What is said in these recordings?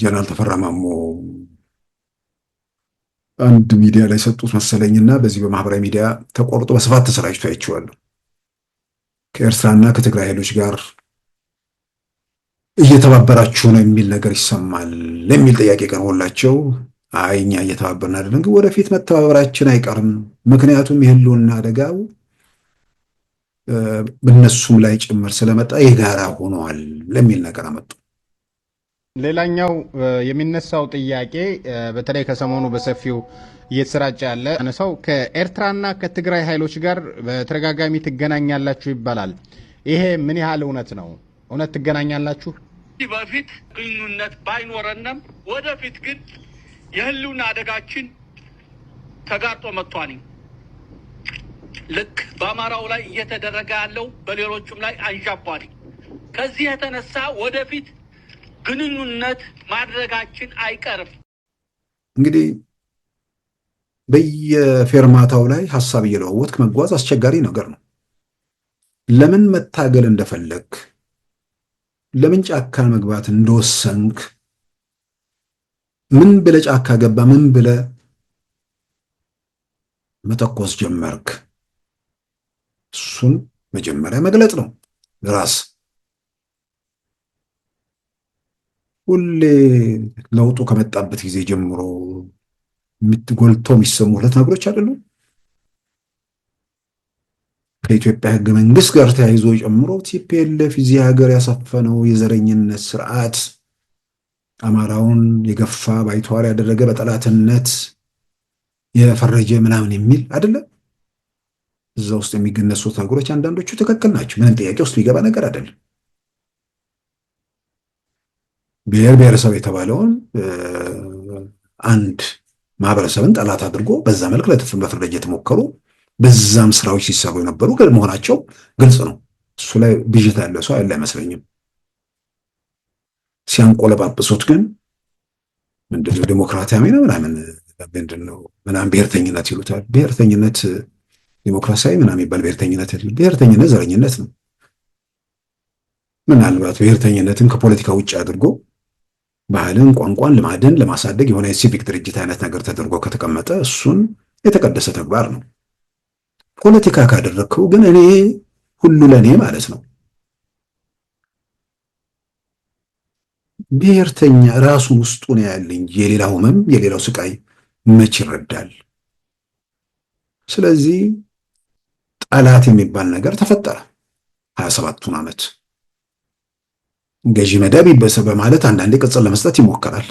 ጀነራል ተፈራ ማሞ አንድ ሚዲያ ላይ ሰጡት መሰለኝና በዚህ በማህበራዊ ሚዲያ ተቆርጦ በስፋት ተሰራጭቶ አይቼዋለሁ። ከኤርትራና ከትግራይ ኃይሎች ጋር እየተባበራችሁ ነው የሚል ነገር ይሰማል የሚል ጥያቄ ቀርቦላቸው አይ እኛ እየተባበርን አይደለም፣ ግን ወደፊት መተባበራችን አይቀርም ምክንያቱም የህልውና አደጋው እነሱም ላይ ጭምር ስለመጣ የጋራ ሆነዋል ለሚል ነገር አመጡ። ሌላኛው የሚነሳው ጥያቄ በተለይ ከሰሞኑ በሰፊው እየተሰራጨ ያለ ነሳው ከኤርትራና ከትግራይ ኃይሎች ጋር በተደጋጋሚ ትገናኛላችሁ ይባላል። ይሄ ምን ያህል እውነት ነው? እውነት ትገናኛላችሁ? በፊት ግንኙነት ባይኖረንም ወደፊት ግን የህልውና አደጋችን ተጋርጦ መጥቷል። ልክ በአማራው ላይ እየተደረገ ያለው በሌሎቹም ላይ አንዣቧል። ከዚህ የተነሳ ወደፊት ግንኙነት ማድረጋችን አይቀርም። እንግዲህ በየፌርማታው ላይ ሀሳብ እየለዋወጥክ መጓዝ አስቸጋሪ ነገር ነው። ለምን መታገል እንደፈለግ፣ ለምን ጫካ መግባት እንደወሰንክ፣ ምን ብለ ጫካ ገባ፣ ምን ብለ መተኮስ ጀመርክ፣ እሱን መጀመሪያ መግለጽ ነው ራስ ሁሌ ለውጡ ከመጣበት ጊዜ ጀምሮ ጎልተው የሚሰሙ ሁለት ነገሮች አይደሉም። ከኢትዮጵያ ሕገ መንግስት ጋር ተያይዞ ጨምሮ ቲፒኤልኤፍ እዚህ ሀገር ያሰፈነው የዘረኝነት ስርዓት አማራውን የገፋ ባይተዋር ያደረገ በጠላትነት የፈረጀ ምናምን የሚል አይደለም። እዛ ውስጥ የሚገነሱት ነገሮች አንዳንዶቹ ትክክል ናቸው። ምንም ጥያቄ ውስጥ ሊገባ ነገር አይደለም። ብሔር ብሔረሰብ የተባለውን አንድ ማህበረሰብን ጠላት አድርጎ በዛ መልክ በፍረጃ የተሞከሩ በዛም ስራዎች ሲሰሩ የነበሩ መሆናቸው ግልጽ ነው። እሱ ላይ ብዥት ያለ ሰው ያለ አይመስለኝም። ሲያንቆለጳጵሱት ግን ምንድነው ዴሞክራሲያዊ ነው ምናምን ምንድነው ምናምን ብሔርተኝነት ይሉታል። ብሔርተኝነት ዴሞክራሲያዊ ምናምን የሚባል ብሔርተኝነት ብሔርተኝነት ዘረኝነት ነው። ምናልባት ብሔርተኝነትን ከፖለቲካ ውጭ አድርጎ ባህልን፣ ቋንቋን፣ ልማድን ለማሳደግ የሆነ የሲቪክ ድርጅት አይነት ነገር ተደርጎ ከተቀመጠ እሱን የተቀደሰ ተግባር ነው። ፖለቲካ ካደረግከው ግን እኔ ሁሉ ለእኔ ማለት ነው። ብሔርተኛ ራሱ ውስጡ ነው ያለ የሌላው ህመም የሌላው ስቃይ መች ይረዳል? ስለዚህ ጠላት የሚባል ነገር ተፈጠረ። ሀያ ሰባቱን ዓመት ገዢ መደብ ይበሰብ በማለት አንዳንዴ ቅጽል ለመስጠት ይሞከራል።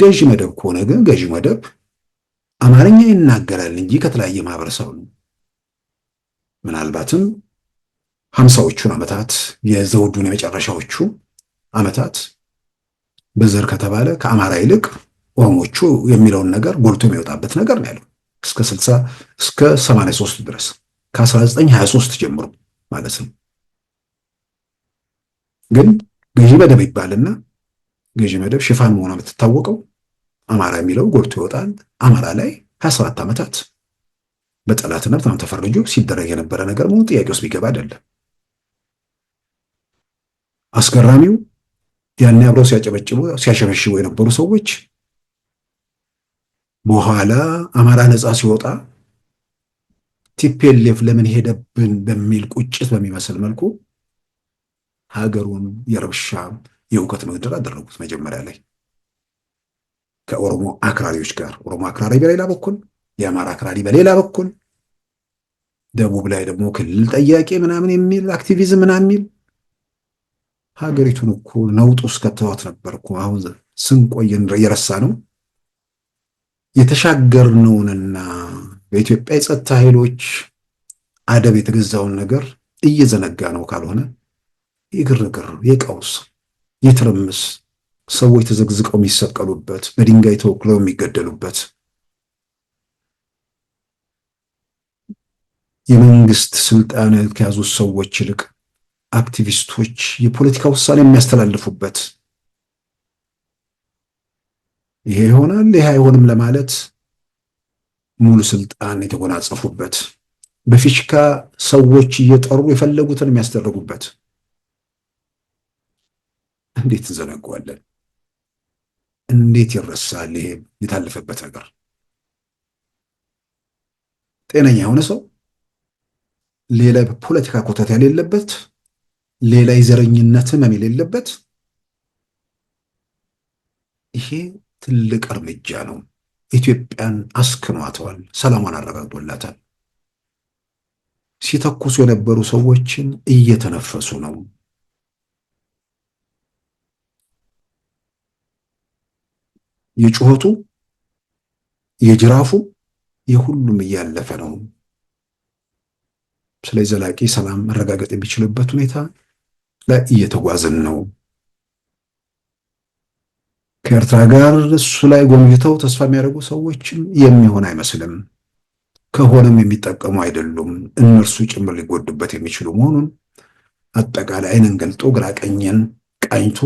ገዢ መደብ ከሆነ ግን ገዢ መደብ አማርኛ ይናገራል እንጂ ከተለያየ ማህበረሰብ ነው። ምናልባትም ሀምሳዎቹን ዓመታት የዘውዱን የመጨረሻዎቹ ዓመታት በዘር ከተባለ ከአማራ ይልቅ ኦሮሞቹ የሚለውን ነገር ጎልቶ የሚወጣበት ነገር ነው ያለው እስከ 60 እስከ 83 ድረስ ከ1923 ጀምሮ ማለት ነው። ግን ገዢ መደብ ይባልና ገዢ መደብ ሽፋን መሆኗ የምትታወቀው አማራ የሚለው ጎልቶ ይወጣል። አማራ ላይ 27 ዓመታት በጠላትነት ምናምን ተፈርጆ ሲደረግ የነበረ ነገር መሆኑ ጥያቄ ውስጥ ቢገባ አይደለም። አስገራሚው ያን አብረው ሲያጨበጭቡ ሲያሸበሽቡ የነበሩ ሰዎች በኋላ አማራ ነፃ ሲወጣ ቲፒኤልኤፍ ለምን ሄደብን በሚል ቁጭት በሚመስል መልኩ ሀገሩን የረብሻ የእውቀት ምድር አደረጉት። መጀመሪያ ላይ ከኦሮሞ አክራሪዎች ጋር ኦሮሞ አክራሪ በሌላ በኩል፣ የአማራ አክራሪ በሌላ በኩል፣ ደቡብ ላይ ደግሞ ክልል ጠያቄ ምናምን የሚል አክቲቪዝም ምናምን የሚል ሀገሪቱን እኮ ነውጡ ውስጥ ከተዋት ነበር እኮ አሁን ስንቆይ እየረሳ ነው የተሻገርነውንና በኢትዮጵያ የጸጥታ ኃይሎች አደብ የተገዛውን ነገር እየዘነጋ ነው ካልሆነ የግርግር የቀውስ የትርምስ ሰዎች ተዘግዝቀው የሚሰቀሉበት በድንጋይ ተወክለው የሚገደሉበት የመንግስት ስልጣን ከያዙ ሰዎች ይልቅ አክቲቪስቶች የፖለቲካ ውሳኔ የሚያስተላልፉበት ይሄ ይሆናል ይሄ አይሆንም ለማለት ሙሉ ስልጣን የተጎናጸፉበት በፊሽካ ሰዎች እየጠሩ የፈለጉትን የሚያስደርጉበት እንዴት እንዘነጓለን? እንዴት ይረሳል? ይሄ የታለፈበት ነገር። ጤነኛ የሆነ ሰው ሌላ ፖለቲካ ኮተት የሌለበት፣ ሌላ የዘረኝነት ህመም የሌለበት ይሄ ትልቅ እርምጃ ነው። ኢትዮጵያን አስክኗተዋል፣ ሰላሟን አረጋግጦላታል። ሲተኩሱ የነበሩ ሰዎችን እየተነፈሱ ነው። የጩኸቱ የጅራፉ የሁሉም እያለፈ ነው። ስለዚህ ዘላቂ ሰላም መረጋገጥ የሚችልበት ሁኔታ ላይ እየተጓዝን ነው። ከኤርትራ ጋር እሱ ላይ ጎምጅተው ተስፋ የሚያደርጉ ሰዎችም የሚሆን አይመስልም። ከሆነም የሚጠቀሙ አይደሉም። እነርሱ ጭምር ሊጎዱበት የሚችሉ መሆኑን አጠቃላይ አይንን ገልጦ ግራ ቀኝን ቃኝቶ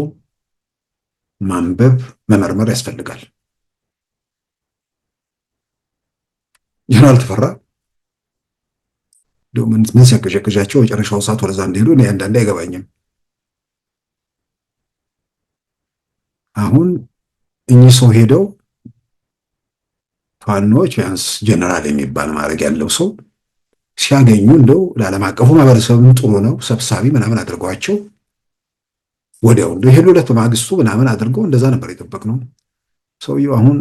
ማንበብ መመርመር ያስፈልጋል። ጀነራል ተፈራ ምን ሲያቀዣቀዣቸው መጨረሻው ሰዓት ወደዛ እንደሄዱ እኔ አንዳንዴ አይገባኝም። አሁን እኚህ ሰው ሄደው ፋኖች ቢያንስ ጀነራል የሚባል ማድረግ ያለው ሰው ሲያገኙ እንደው ለዓለም አቀፉ ማህበረሰብም ጥሩ ነው ሰብሳቢ ምናምን አድርጓቸው ወዲያው ይሄ ዕለት በማግስቱ ምናምን አድርገው እንደዛ ነበር የጠበቅነው። ሰውየው አሁን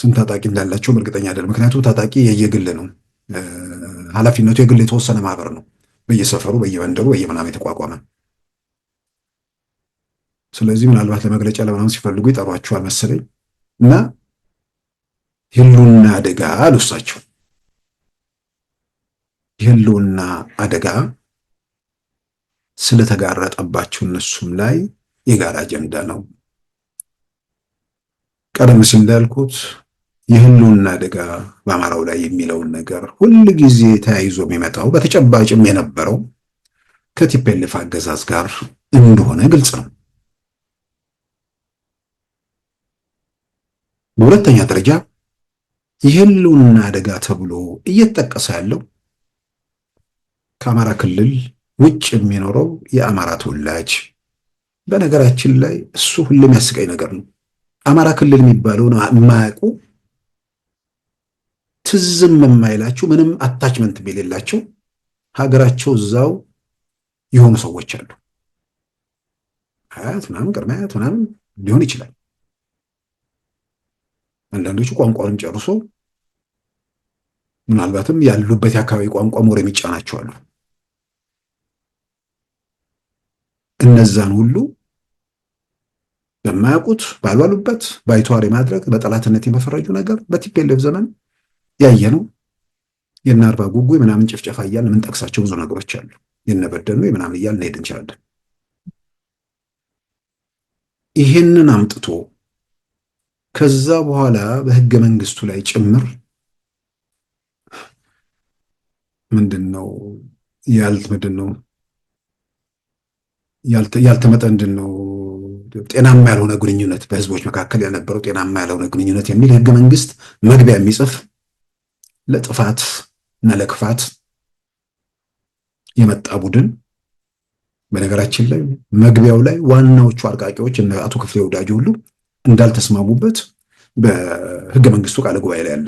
ስንት ታጣቂ እንዳላቸው እርግጠኛ አይደለም። ምክንያቱም ታጣቂ የየግል ነው፣ ኃላፊነቱ የግል የተወሰነ ማህበር ነው፣ በየሰፈሩ በየመንደሩ በየምናምን የተቋቋመ። ስለዚህ ምናልባት ለመግለጫ ለምናምን ሲፈልጉ ይጠሯቸዋል መሰለኝ እና የህልውና አደጋ አልሳቸው የህልውና አደጋ ስለተጋረጠባቸው እነሱም ላይ የጋራ አጀንዳ ነው። ቀደም ሲል እንዳልኩት የህልውና አደጋ በአማራው ላይ የሚለውን ነገር ሁል ጊዜ ተያይዞ የሚመጣው በተጨባጭም የነበረው ከቲፔልፍ አገዛዝ ጋር እንደሆነ ግልጽ ነው። በሁለተኛ ደረጃ የህልውና አደጋ ተብሎ እየተጠቀሰ ያለው ከአማራ ክልል ውጭ የሚኖረው የአማራ ተወላጅ። በነገራችን ላይ እሱ ሁሌም ያስቀኝ ነገር ነው። አማራ ክልል ነው የማያውቁ ትዝም የማይላቸው ምንም አታችመንት የሌላቸው ሀገራቸው እዛው የሆኑ ሰዎች አሉ። አያት ምናምን ቅድመ አያት ምናምን ሊሆን ይችላል። አንዳንዶቹ ቋንቋውን ጨርሶ ምናልባትም ያሉበት የአካባቢ ቋንቋ ሞር የሚጫናቸው አሉ። እነዛን ሁሉ በማያውቁት ባልባሉበት ባይተዋር ማድረግ በጠላትነት የመፈረጁ ነገር በቲፔሌቭ ዘመን ያየ ነው። የነ አርባ ጉጉ ምናምን ጭፍጨፋ እያልን የምንጠቅሳቸው ብዙ ነገሮች አሉ። የነበደኑ ምናምን እያልን ሄድ እንችላለን። ይሄንን አምጥቶ ከዛ በኋላ በህገ መንግስቱ ላይ ጭምር ምንድን ነው ያልት ምንድን ነው ያልተመጠ ነው ጤናማ ያልሆነ ግንኙነት በህዝቦች መካከል የነበረው ጤናማ ያልሆነ ግንኙነት የሚል ህገ መንግስት መግቢያ የሚጽፍ ለጥፋት እና ለክፋት የመጣ ቡድን በነገራችን ላይ መግቢያው ላይ ዋናዎቹ አርቃቂዎች እነ አቶ ክፍሌ ወዳጅ ሁሉ እንዳልተስማሙበት በህገ መንግስቱ ቃለ ጉባኤ ላይ አለ።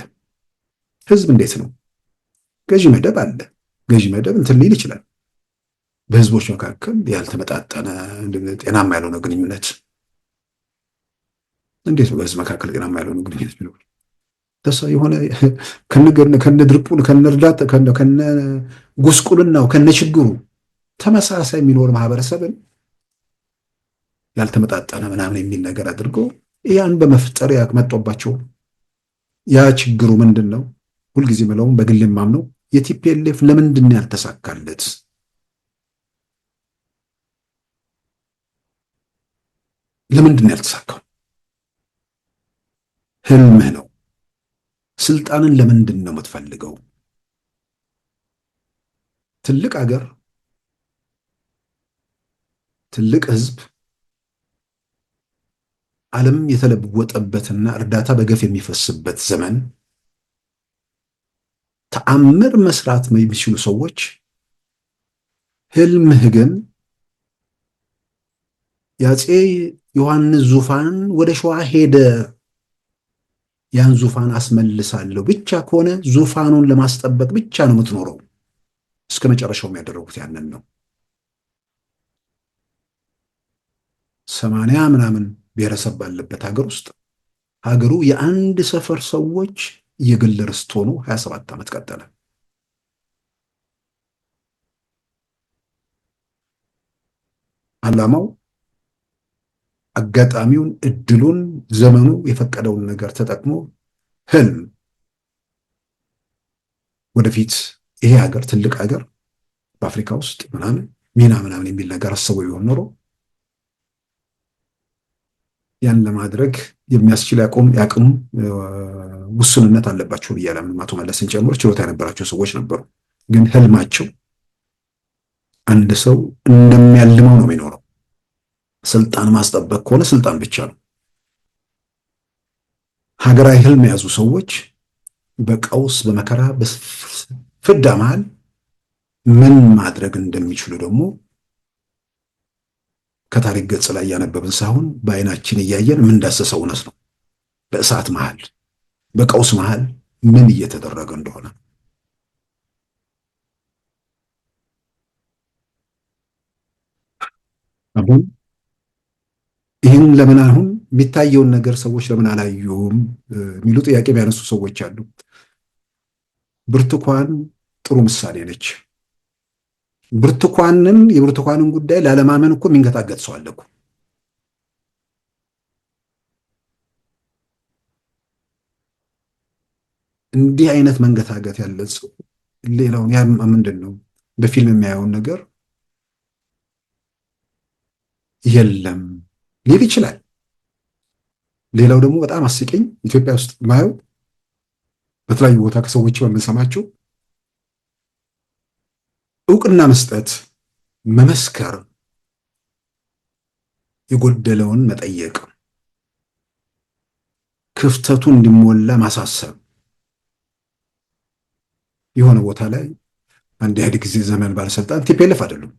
ህዝብ እንዴት ነው ገዢ መደብ አለ። ገዢ መደብ እንትን ሊል ይችላል በህዝቦች መካከል ያልተመጣጠነ ጤናማ ያልሆነ ግንኙነት እንዴት በህዝብ መካከል ጤናማ ያልሆነ ግንኙነት ሚኖር? የሆነ ከነ ድርቁን ከነ እርዳታ ከነ ጉስቁልናው ከነ ችግሩ ተመሳሳይ የሚኖር ማህበረሰብን ያልተመጣጠነ ምናምን የሚል ነገር አድርጎ ያን በመፍጠር ያመጦባቸው ያ ችግሩ ምንድን ነው? ሁልጊዜ ምለውም በግል የማምነው የቲፒኤልኤፍ ለምንድን ነው ያልተሳካለት? ለምንድን ነው ያልተሳካው? ህልምህ ነው። ስልጣንን ለምንድን ነው የምትፈልገው? ትልቅ አገር፣ ትልቅ ህዝብ፣ ዓለም የተለወጠበትና እርዳታ በገፍ የሚፈስበት ዘመን ተአምር መስራት የሚችሉ ሰዎች ህልምህ ግን የአፄ ዮሐንስ ዙፋን ወደ ሸዋ ሄደ። ያን ዙፋን አስመልሳለሁ ብቻ ከሆነ ዙፋኑን ለማስጠበቅ ብቻ ነው የምትኖረው። እስከ መጨረሻው የሚያደረጉት ያንን ነው። ሰማንያ ምናምን ብሔረሰብ ባለበት ሀገር ውስጥ ሀገሩ የአንድ ሰፈር ሰዎች የግል ርስት ሆኖ 27 ዓመት ቀጠለ። ዓላማው አጋጣሚውን፣ እድሉን፣ ዘመኑ የፈቀደውን ነገር ተጠቅሞ ህልም ወደፊት ይሄ ሀገር ትልቅ ሀገር በአፍሪካ ውስጥ ምናምን ሚና ምናምን የሚል ነገር አስበው ቢሆን ኖሮ ያን ለማድረግ የሚያስችል ያቆም ያቅም ውሱንነት አለባቸው ብዬ አላምንም። አቶ መለስን ጨምሮ ችሎታ የነበራቸው ሰዎች ነበሩ። ግን ህልማቸው አንድ ሰው እንደሚያልመው ነው የሚኖረው። ስልጣን ማስጠበቅ ከሆነ ስልጣን ብቻ ነው። ሀገራዊ ህልም የያዙ ሰዎች በቀውስ በመከራ በፍዳ መሃል ምን ማድረግ እንደሚችሉ ደግሞ ከታሪክ ገጽ ላይ እያነበብን ሳይሆን በአይናችን እያየን የምንዳሰሰው እውነት ነው። በእሳት መሃል በቀውስ መሃል ምን እየተደረገ እንደሆነ አሁን ይህን ለምን አሁን የሚታየውን ነገር ሰዎች ለምን አላዩም የሚሉ ጥያቄ የሚያነሱ ሰዎች አሉ። ብርቱካን ጥሩ ምሳሌ ነች። ብርቱካንን የብርቱካንን ጉዳይ ላለማመን እኮ የሚንገታገጥ ሰው አለ እኮ። እንዲህ አይነት መንገታገት ያለ ሰው ሌላውን ያ ምንድን ነው በፊልም የሚያየውን ነገር የለም ሊል ይችላል። ሌላው ደግሞ በጣም አስቂኝ ኢትዮጵያ ውስጥ ማየው በተለያዩ ቦታ ከሰዎች በምንሰማቸው እውቅና መስጠት፣ መመስከር፣ የጎደለውን መጠየቅ፣ ክፍተቱ እንዲሞላ ማሳሰብ የሆነ ቦታ ላይ አንድ ኢህአዴግ ጊዜ ዘመን ባለስልጣን ቲፒኤልኤፍ አይደሉም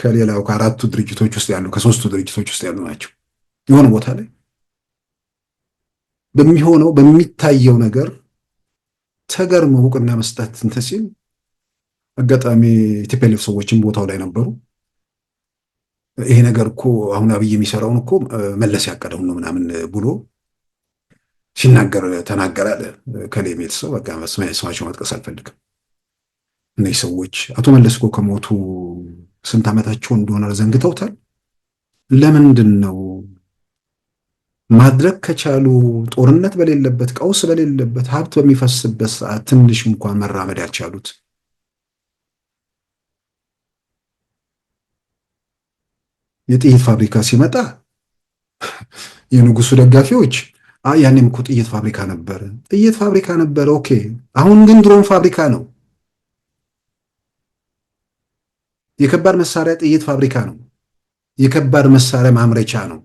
ከሌላው ከአራቱ ድርጅቶች ውስጥ ያሉ ከሶስቱ ድርጅቶች ውስጥ ያሉ ናቸው። የሆነ ቦታ ላይ በሚሆነው በሚታየው ነገር ተገርመው እውቅና መስጠት እንትን ሲል አጋጣሚ ቲፔሌፍ ሰዎችን ቦታው ላይ ነበሩ። ይሄ ነገር እኮ አሁን አብይ የሚሰራውን እኮ መለስ ያቀደውን ነው ምናምን ብሎ ሲናገር ተናገራለ። ከሌም ሰው በቃ ስማቸው መጥቀስ አልፈልግም። እነዚህ ሰዎች አቶ መለስ እኮ ከሞቱ ስንት ዓመታቸው እንደሆነ ዘንግተውታል። ለምንድን ነው ማድረግ ከቻሉ ጦርነት በሌለበት ቀውስ በሌለበት ሀብት በሚፈስበት ሰዓት ትንሽ እንኳን መራመድ ያልቻሉት? የጥይት ፋብሪካ ሲመጣ የንጉሱ ደጋፊዎች ያኔም እኮ ጥይት ፋብሪካ ነበር፣ ጥይት ፋብሪካ ነበር ኦኬ፣ አሁን ግን ድሮን ፋብሪካ ነው። የከባድ መሳሪያ ጥይት ፋብሪካ ነው። የከባድ መሳሪያ ማምረቻ ነው።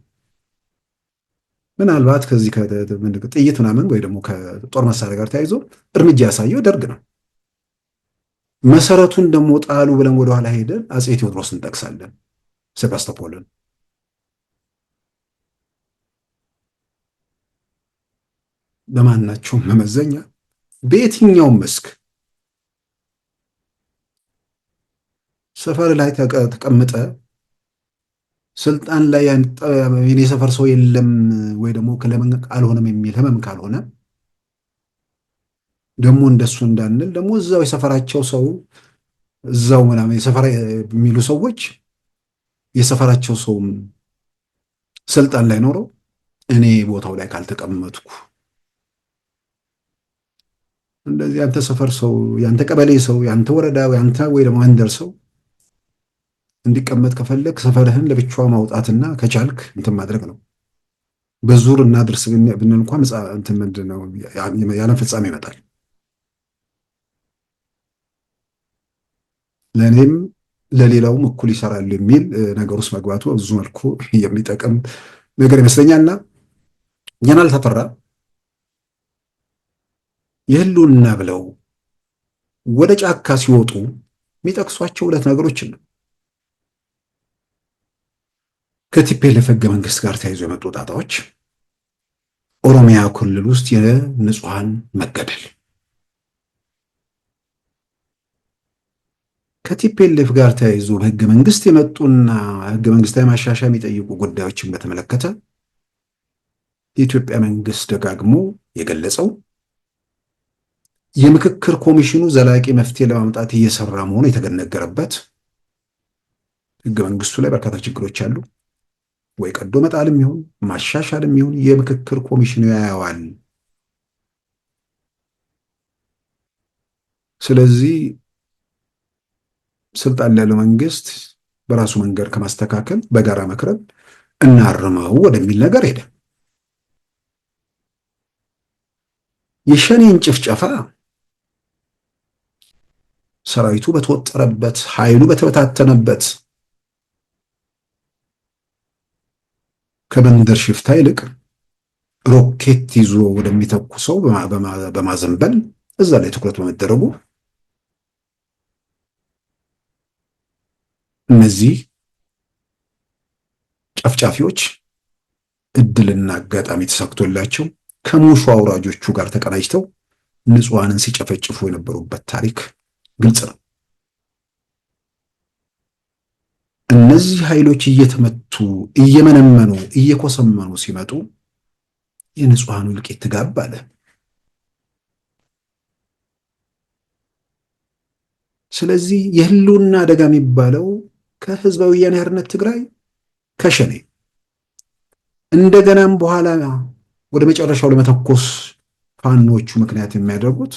ምናልባት ከዚህ ጥይት ምናምን ወይ ደግሞ ከጦር መሳሪያ ጋር ተያይዞ እርምጃ ያሳየው ደርግ ነው። መሰረቱን ደግሞ ጣሉ ብለን ወደኋላ ሄደን አፄ ቴዎድሮስ እንጠቅሳለን። ሴባስቶፖልን በማናቸውም መመዘኛ በየትኛውም መስክ ሰፈር ላይ ተቀምጠ ስልጣን ላይ የኔ ሰፈር ሰው የለም ወይ ደግሞ ለምን አልሆነም የሚል ህመም ካልሆነ ደግሞ እንደሱ እንዳንል ደግሞ እዛው የሰፈራቸው ሰው እዛው ምናምን የሰፈራ የሚሉ ሰዎች የሰፈራቸው ሰውም ስልጣን ላይ ኖረው እኔ ቦታው ላይ ካልተቀመጥኩ እንደዚህ ያንተ ሰፈር ሰው ያንተ ቀበሌ ሰው ያንተ ወረዳ ያንተ ወይ ደግሞ መንደር ሰው እንዲቀመጥ ከፈለግ ሰፈርህን ለብቻ ማውጣትና ከቻልክ እንትን ማድረግ ነው። በዙር እናድርስ ብንል እንኳ ምንድነው የዓለም ፍጻሜ ይመጣል። ለእኔም ለሌላውም እኩል ይሰራል የሚል ነገር ውስጥ መግባቱ ብዙ መልኩ የሚጠቅም ነገር ይመስለኛልና ጀነራል አልተፈራ የህልውና ብለው ወደ ጫካ ሲወጡ የሚጠቅሷቸው ሁለት ነገሮችን ነው ከቲፔሌፍ ህገ መንግስት ጋር ተያይዞ የመጡ ጣጣዎች፣ ኦሮሚያ ክልል ውስጥ የንጹሐን መገደል ከቲፔሌፍ ጋር ተያይዞ በህገ መንግስት የመጡና ህገ መንግስታዊ ማሻሻያ የሚጠይቁ ጉዳዮችን በተመለከተ የኢትዮጵያ መንግስት ደጋግሞ የገለጸው የምክክር ኮሚሽኑ ዘላቂ መፍትሄ ለማምጣት እየሰራ መሆኑ የተገነገረበት ህገ መንግስቱ ላይ በርካታ ችግሮች አሉ። ወይ ቀዶ መጣልም ይሁን ማሻሻልም ይሁን የምክክር ኮሚሽኑ ያየዋል። ስለዚህ ስልጣን ላይ ያለው መንግስት በራሱ መንገድ ከማስተካከል በጋራ መክረብ እናርመው ወደሚል ነገር ሄደ። የሸኔን ጭፍጨፋ ሰራዊቱ በተወጠረበት ኃይሉ በተበታተነበት ከመንደር ሽፍታ ይልቅ ሮኬት ይዞ ወደሚተኩሰው በማዘንበል እዛ ላይ ትኩረት በመደረጉ እነዚህ ጨፍጫፊዎች እድልና አጋጣሚ ተሳክቶላቸው ከሞሾ አውራጆቹ ጋር ተቀናጅተው ንጹሐንን ሲጨፈጭፉ የነበሩበት ታሪክ ግልጽ ነው። እነዚህ ኃይሎች እየተመቱ እየመነመኑ እየኮሰመኑ ሲመጡ የንጹሐኑ እልቂት ትጋብ አለ። ስለዚህ የህልውና አደጋ የሚባለው ከህዝባዊ ወያነ ሓርነት ትግራይ ከሸኔ እንደገናም በኋላ ወደ መጨረሻው ለመተኮስ ፋኖቹ ምክንያት የሚያደርጉት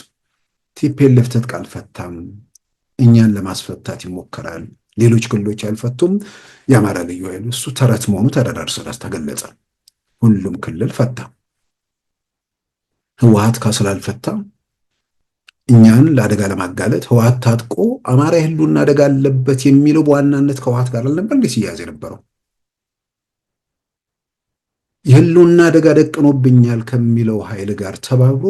ቲፔለፍ ለፍተት ቃልፈታም እኛን ለማስፈታት ይሞከራል ሌሎች ክልሎች ያልፈቱም የአማራ ልዩ ኃይል እሱ ተረት መሆኑ ተደራርሰላስ ተገለጸ። ሁሉም ክልል ፈታ። ህወሀት ስላልፈታ እኛን ለአደጋ ለማጋለጥ ህወሀት ታጥቆ አማራ የህልውና አደጋ አለበት የሚለው በዋናነት ከህወሀት ጋር አልነበር እንዴ ሲያዝ የነበረው? የህልውና አደጋ ደቅኖብኛል ከሚለው ኃይል ጋር ተባብሮ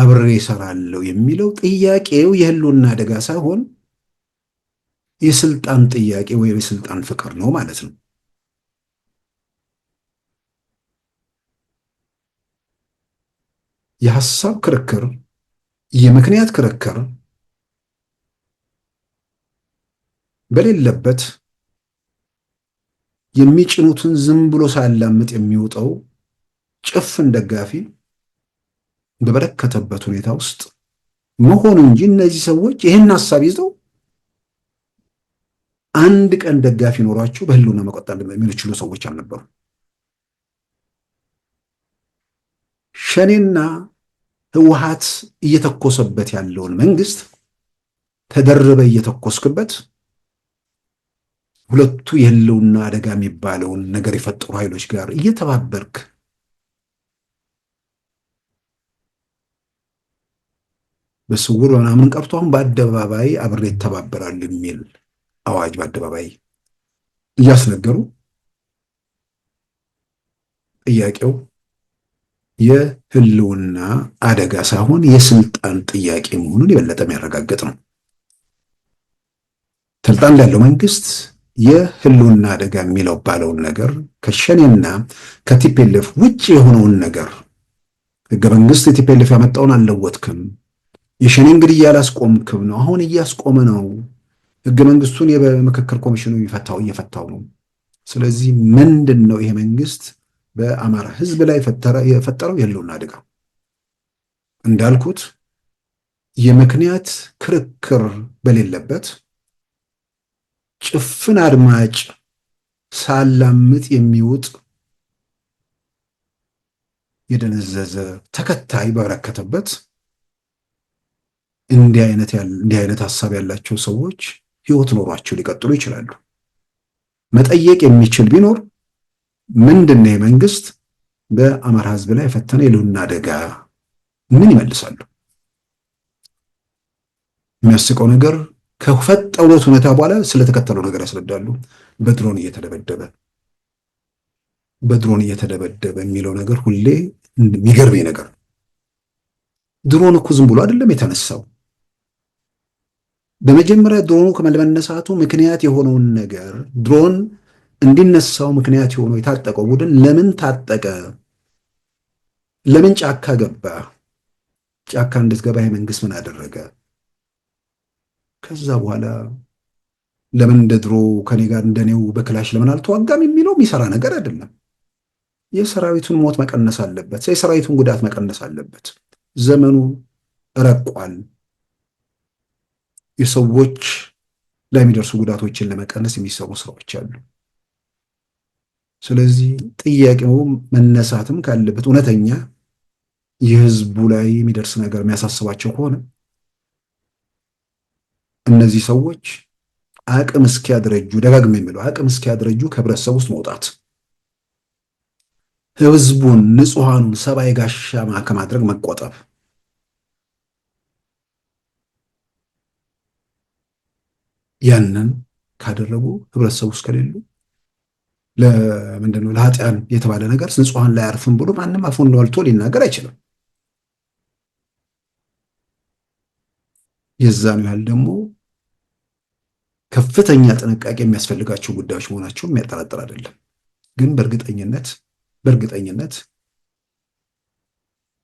አብሬ እሰራለሁ የሚለው ጥያቄው የህልውና አደጋ ሳይሆን የስልጣን ጥያቄ ወይም የስልጣን ፍቅር ነው ማለት ነው። የሐሳብ ክርክር፣ የምክንያት ክርክር በሌለበት የሚጭኑትን ዝም ብሎ ሳያላምጥ የሚወጣው ጭፍን ደጋፊ በበረከተበት ሁኔታ ውስጥ መሆኑ እንጂ እነዚህ ሰዎች ይህን ሐሳብ ይዘው አንድ ቀን ደጋፊ ኖሯቸው በህልውና መቆጠር የሚችሉ ሰዎች አልነበሩ። ሸኔና ህወሓት እየተኮሰበት ያለውን መንግስት ተደርበ እየተኮስክበት ሁለቱ የህልውና አደጋ የሚባለውን ነገር የፈጠሩ ኃይሎች ጋር እየተባበርክ በስውር ምናምን ቀርቶ አሁን በአደባባይ አብሬ ይተባበራል የሚል አዋጅ በአደባባይ እያስነገሩ ጥያቄው የህልውና አደጋ ሳይሆን የስልጣን ጥያቄ መሆኑን የበለጠ የሚያረጋግጥ ነው። ስልጣን ያለው መንግስት የህልውና አደጋ የሚለው ባለውን ነገር ከሸኔና ከቲፔልፍ ውጭ የሆነውን ነገር ህገ መንግስት የቲፔልፍ ያመጣውን አልለወጥክም፣ የሸኔ እንግዲህ እያላስቆምክም ነው። አሁን እያስቆመ ነው። ህገ መንግስቱን የምክክር ኮሚሽኑ የሚፈታው እየፈታው ነው። ስለዚህ ምንድን ነው ይሄ መንግስት በአማራ ህዝብ ላይ የፈጠረው የህልውና አደጋ? እንዳልኩት የምክንያት ክርክር በሌለበት ጭፍን አድማጭ ሳላምጥ የሚውጥ የደነዘዘ ተከታይ በበረከተበት እንዲህ አይነት ሀሳብ ያላቸው ሰዎች ህይወት ኖሯቸው ሊቀጥሉ ይችላሉ። መጠየቅ የሚችል ቢኖር ምንድን ነው የመንግስት በአማራ ህዝብ ላይ የፈተነ የልውና አደጋ ምን ይመልሳሉ? የሚያስቀው ነገር ከፈጠሩት ሁኔታ በኋላ ስለተከተለው ነገር ያስረዳሉ። በድሮን እየተደበደበ በድሮን እየተደበደበ የሚለው ነገር ሁሌ የሚገርመኝ ነገር ድሮን እኮ ዝም ብሎ አይደለም የተነሳው በመጀመሪያ ድሮኑ ከመለመነሳቱ ምክንያት የሆነውን ነገር ድሮን እንዲነሳው ምክንያት የሆነው የታጠቀው ቡድን ለምን ታጠቀ? ለምን ጫካ ገባ? ጫካ እንድትገባ የመንግስት ምን አደረገ? ከዛ በኋላ ለምን እንደ ድሮ ከኔ ጋር እንደኔው በክላሽ ለምን አልተዋጋም የሚለው የሚሰራ ነገር አይደለም። የሰራዊቱን ሞት መቀነስ አለበት። የሰራዊቱን ጉዳት መቀነስ አለበት። ዘመኑ ረቋል። የሰዎች ላይ የሚደርሱ ጉዳቶችን ለመቀነስ የሚሰሩ ስራዎች አሉ። ስለዚህ ጥያቄው መነሳትም ካለበት እውነተኛ የህዝቡ ላይ የሚደርስ ነገር የሚያሳስባቸው ከሆነ እነዚህ ሰዎች አቅም እስኪያደረጁ ደጋግሜ የሚለው አቅም እስኪያደረጁ ከህብረተሰብ ውስጥ መውጣት ህዝቡን ንጹሐኑን ሰብአዊ ጋሻ ከማድረግ መቆጠብ ያንን ካደረጉ ህብረተሰቡ ውስጥ ከሌሉ ለምንድነው ለኃጢያን የተባለ ነገር ንጹሐን ላይ አርፍም ብሎ ማንም አፉን ዋልቶ ሊናገር አይችልም። የዛን ያህል ደግሞ ከፍተኛ ጥንቃቄ የሚያስፈልጋቸው ጉዳዮች መሆናቸው የሚያጠራጥር አይደለም። ግን በእርግጠኝነት በእርግጠኝነት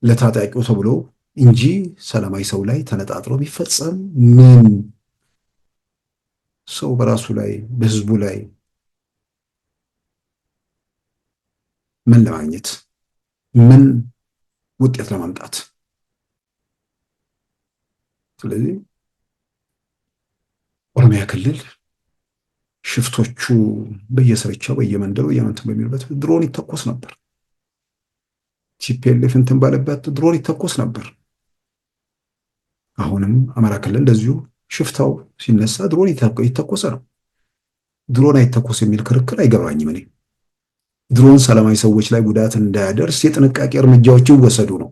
ለታጣቂው ተብሎ እንጂ ሰላማዊ ሰው ላይ ተነጣጥሮ ቢፈጸም ምን ሰው በራሱ ላይ በህዝቡ ላይ ምን ለማግኘት ምን ውጤት ለማምጣት ስለዚህ ኦሮሚያ ክልል ሽፍቶቹ በየስርቻው በየመንደሩ በየመንትን በሚሉበት ድሮን ይተኮስ ነበር። ቲፒኤልኤፍ እንትን ባለበት ድሮን ይተኮስ ነበር። አሁንም አማራ ክልል እንደዚሁ ሽፍታው ሲነሳ ድሮን የተኮሰ ነው። ድሮን አይተኮስ የሚል ክርክር አይገባኝም። እኔ ድሮን ሰላማዊ ሰዎች ላይ ጉዳት እንዳያደርስ የጥንቃቄ እርምጃዎች ይወሰዱ ነው።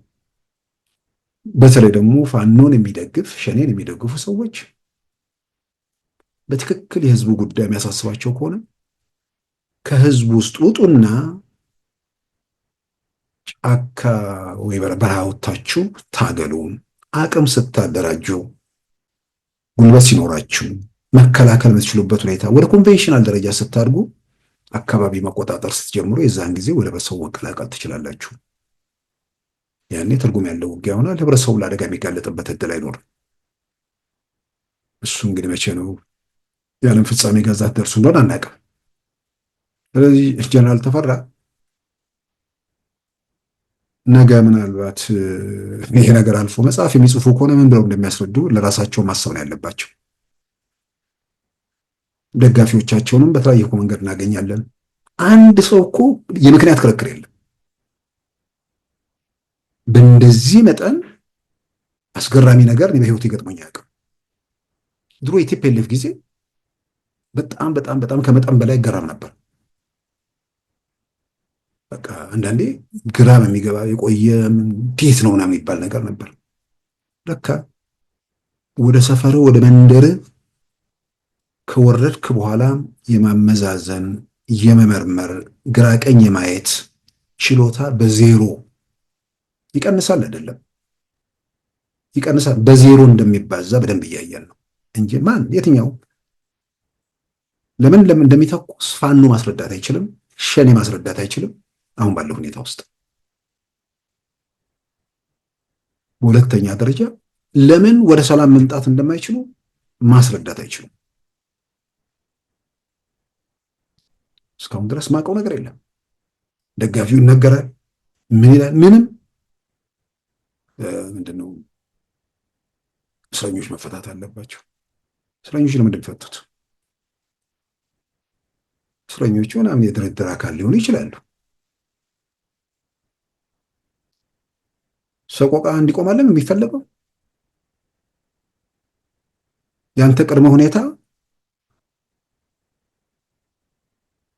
በተለይ ደግሞ ፋኖን የሚደግፍ ሸኔን የሚደግፉ ሰዎች በትክክል የህዝቡ ጉዳይ የሚያሳስባቸው ከሆነ ከህዝቡ ውስጥ ውጡና ጫካ ወይ በረሃ ወጥታችሁ ታገሉ። አቅም ስታደራጁ ጉልበት ሲኖራችሁ መከላከል የምትችሉበት ሁኔታ ወደ ኮንቬንሽናል ደረጃ ስታድጉ አካባቢ መቆጣጠር ስትጀምሩ የዛን ጊዜ ወደ በሰው መቀላቀል ትችላላችሁ። ያኔ ትርጉም ያለው ውጊያ ይሆናል። ህብረተሰቡ ለአደጋ የሚጋለጥበት እድል አይኖርም። እሱ እንግዲህ መቼ ነው የዓለም ፍጻሜ ገዛት ደርሱ እንደሆነ አናውቅም። ስለዚህ ጀነራል ተፈራ ነገ ምናልባት ይሄ ነገር አልፎ መጽሐፍ የሚጽፉ ከሆነ ምን ብለው እንደሚያስረዱ ለራሳቸው ማሰብ ነው ያለባቸው። ደጋፊዎቻቸውንም በተለያየ መንገድ እናገኛለን። አንድ ሰው እኮ የምክንያት ክርክር የለም። በእንደዚህ መጠን አስገራሚ ነገር በህይወት ይገጥሞኝ አያውቅም። ድሮ የቲፒኤልኤፍ ጊዜ በጣም በጣም በጣም ከመጠን በላይ ይገራም ነበር። በቃ አንዳንዴ ግራም የሚገባ የቆየ ቴት ነው ምናምን የሚባል ነገር ነበር። ለካ ወደ ሰፈር ወደ መንደር ከወረድክ በኋላ የማመዛዘን የመመርመር ግራ ቀኝ የማየት ችሎታ በዜሮ ይቀንሳል። አይደለም ይቀንሳል፣ በዜሮ እንደሚባዛ በደንብ እያየን ነው እንጂ ማን የትኛው ለምን ለምን እንደሚተኩስ ፋኖ ማስረዳት አይችልም። ሸኔ ማስረዳት አይችልም። አሁን ባለው ሁኔታ ውስጥ። በሁለተኛ ደረጃ ለምን ወደ ሰላም መምጣት እንደማይችሉ ማስረዳት አይችሉም። እስካሁን ድረስ ማውቀው ነገር የለም። ደጋፊው ይነገራል፣ ምን ይላል? ምንም ምንድነው እስረኞች መፈታት አለባቸው። እስረኞች ለምንድን ፈቱት? እስረኞቹ ምናምን የድርድር አካል ሊሆኑ ይችላሉ። ሰቆቃ እንዲቆማለን የሚፈለገው ያንተ ቅድመ ሁኔታ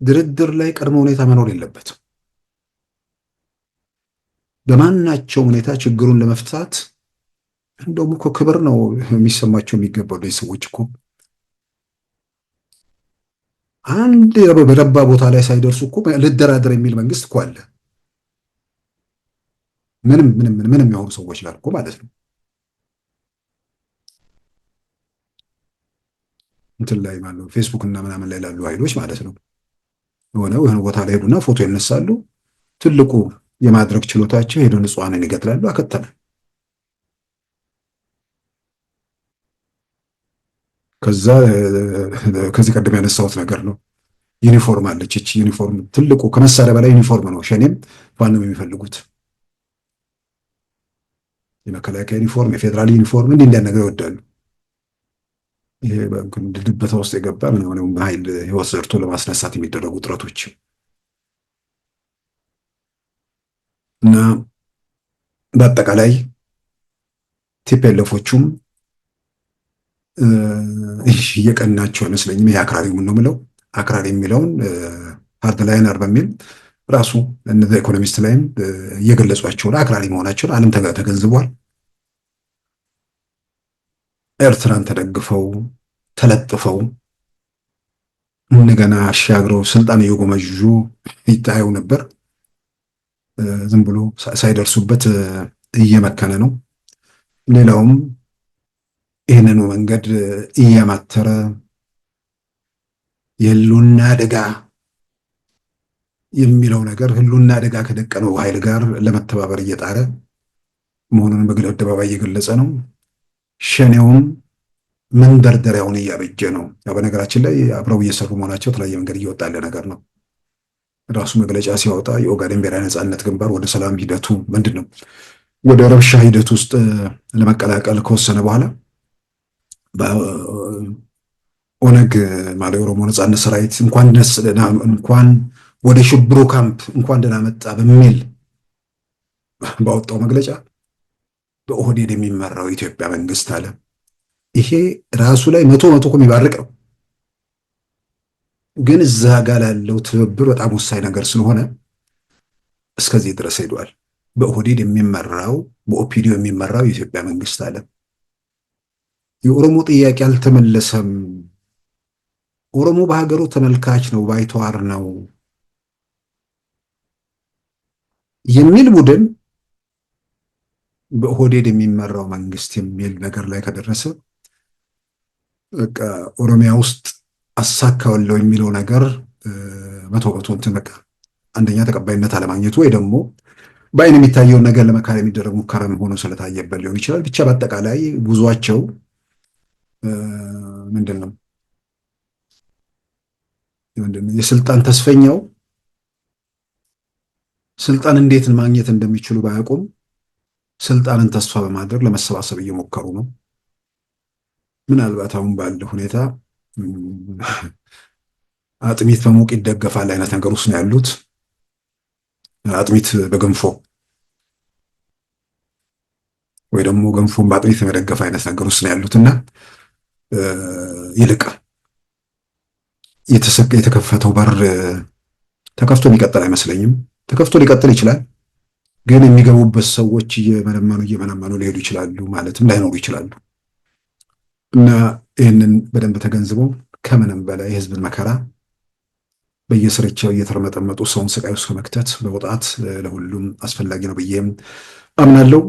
ድርድር ላይ ቅድመ ሁኔታ መኖር የለበትም። በማናቸውም ሁኔታ ችግሩን ለመፍታት እንደውም እኮ ክብር ነው የሚሰማቸው የሚገባው ሰዎች እኮ አንድ በረባ ቦታ ላይ ሳይደርሱ እኮ ልደራደር የሚል መንግስት እኮ አለ። ምንም ምንም ምንም የሆኑ ሰዎች ጋር እኮ ማለት ነው እንትን ላይ ማለው ፌስቡክ እና ምናምን ላይ ላሉ ኃይሎች ማለት ነው የሆነ የሆነ ቦታ ላይ ሄዱና ፎቶ ይነሳሉ። ትልቁ የማድረግ ችሎታቸው ሄዶ ንጹሐንን ይገጥላሉ። አከተለ ከዛ ከዚህ ቀደም ያነሳሁት ነገር ነው። ዩኒፎርም አለች። ይቺ ዩኒፎርም ትልቁ ከመሳሪያ በላይ ዩኒፎርም ነው። ሸኔም ፋኖም የሚፈልጉት የመከላከያ ዩኒፎርም፣ የፌዴራል ዩኒፎርም እንዲህ እንዲያን ነገር ይወዳሉ። ይሄ ድብታ ውስጥ የገባ ሆነ ኃይል ህይወት ዘርቶ ለማስነሳት የሚደረጉ ጥረቶች እና በአጠቃላይ ቲፒኤልኤፎቹም እየቀናቸው አይመስለኝም። ይሄ አክራሪውን ነው ምለው አክራሪ የሚለውን ሀርድ በሚል ራሱ እነዚ ኢኮኖሚስት ላይም እየገለጿቸውን አክራሪ መሆናቸውን ዓለም ተገንዝቧል። ኤርትራን ተደግፈው ተለጥፈው እንደገና አሻግረው ስልጣን እየጎመዡ ይታየው ነበር። ዝም ብሎ ሳይደርሱበት እየመከነ ነው። ሌላውም ይህንኑ መንገድ እያማተረ የህልውና አደጋ የሚለው ነገር ህልውና አደጋ ከደቀነው ኃይል ጋር ለመተባበር እየጣረ መሆኑን በግል አደባባይ እየገለጸ ነው። ሸኔውም መንደርደሪያውን እያበጀ ነው። በነገራችን ላይ አብረው እየሰሩ መሆናቸው የተለያየ መንገድ እየወጣ ያለ ነገር ነው። ራሱ መግለጫ ሲያወጣ የኦጋዴን ብሔራዊ ነፃነት ግንባር ወደ ሰላም ሂደቱ ምንድን ነው ወደ ረብሻ ሂደት ውስጥ ለመቀላቀል ከወሰነ በኋላ ኦነግ ማለት የኦሮሞ ነፃነት ሰራዊት እንኳን ወደ ሽብሩ ካምፕ እንኳን ደህና መጣ በሚል ባወጣው መግለጫ በኦህዴድ የሚመራው የኢትዮጵያ መንግስት አለ። ይሄ ራሱ ላይ መቶ መቶ እኮ የሚባርቅ ነው፣ ግን እዛ ጋር ላለው ትብብር በጣም ወሳኝ ነገር ስለሆነ እስከዚህ ድረስ ሄዷል። በኦህዴድ የሚመራው በኦፒዲዮ የሚመራው የኢትዮጵያ መንግስት አለ። የኦሮሞ ጥያቄ አልተመለሰም። ኦሮሞ በሀገሩ ተመልካች ነው፣ ባይተዋር ነው የሚል ቡድን በኦህዴድ የሚመራው መንግስት የሚል ነገር ላይ ከደረሰ ኦሮሚያ ውስጥ አሳካዋለሁ የሚለው ነገር መቶ በመቶ እንትን በቃ አንደኛ ተቀባይነት አለማግኘቱ ወይ ደግሞ በአይን የሚታየውን ነገር ለመካል የሚደረግ ሙከራ ሆኖ ስለታየበት ሊሆን ይችላል። ብቻ በአጠቃላይ ጉዟቸው ምንድን ነው የስልጣን ተስፈኛው ስልጣን እንዴት ማግኘት እንደሚችሉ ባያውቁም ስልጣንን ተስፋ በማድረግ ለመሰባሰብ እየሞከሩ ነው። ምናልባት አሁን ባለ ሁኔታ አጥሚት በሙቅ ይደገፋል አይነት ነገር ውስጥ ነው ያሉት። አጥሚት በገንፎ ወይ ደግሞ ገንፎን በአጥሚት የመደገፍ አይነት ነገር ውስጥ ነው ያሉት እና ይልቅ የተከፈተው በር ተከፍቶ የሚቀጥል አይመስለኝም። ተከፍቶ ሊቀጥል ይችላል። ግን የሚገቡበት ሰዎች እየመነመኑ እየመነመኑ ሊሄዱ ይችላሉ፣ ማለትም ላይኖሩ ይችላሉ እና ይህንን በደንብ ተገንዝቦ ከምንም በላይ የህዝብን መከራ በየስርቻው እየተረመጠመጡ ሰውን ስቃይ ውስጥ ከመክተት መውጣት ለሁሉም አስፈላጊ ነው ብዬም አምናለሁ።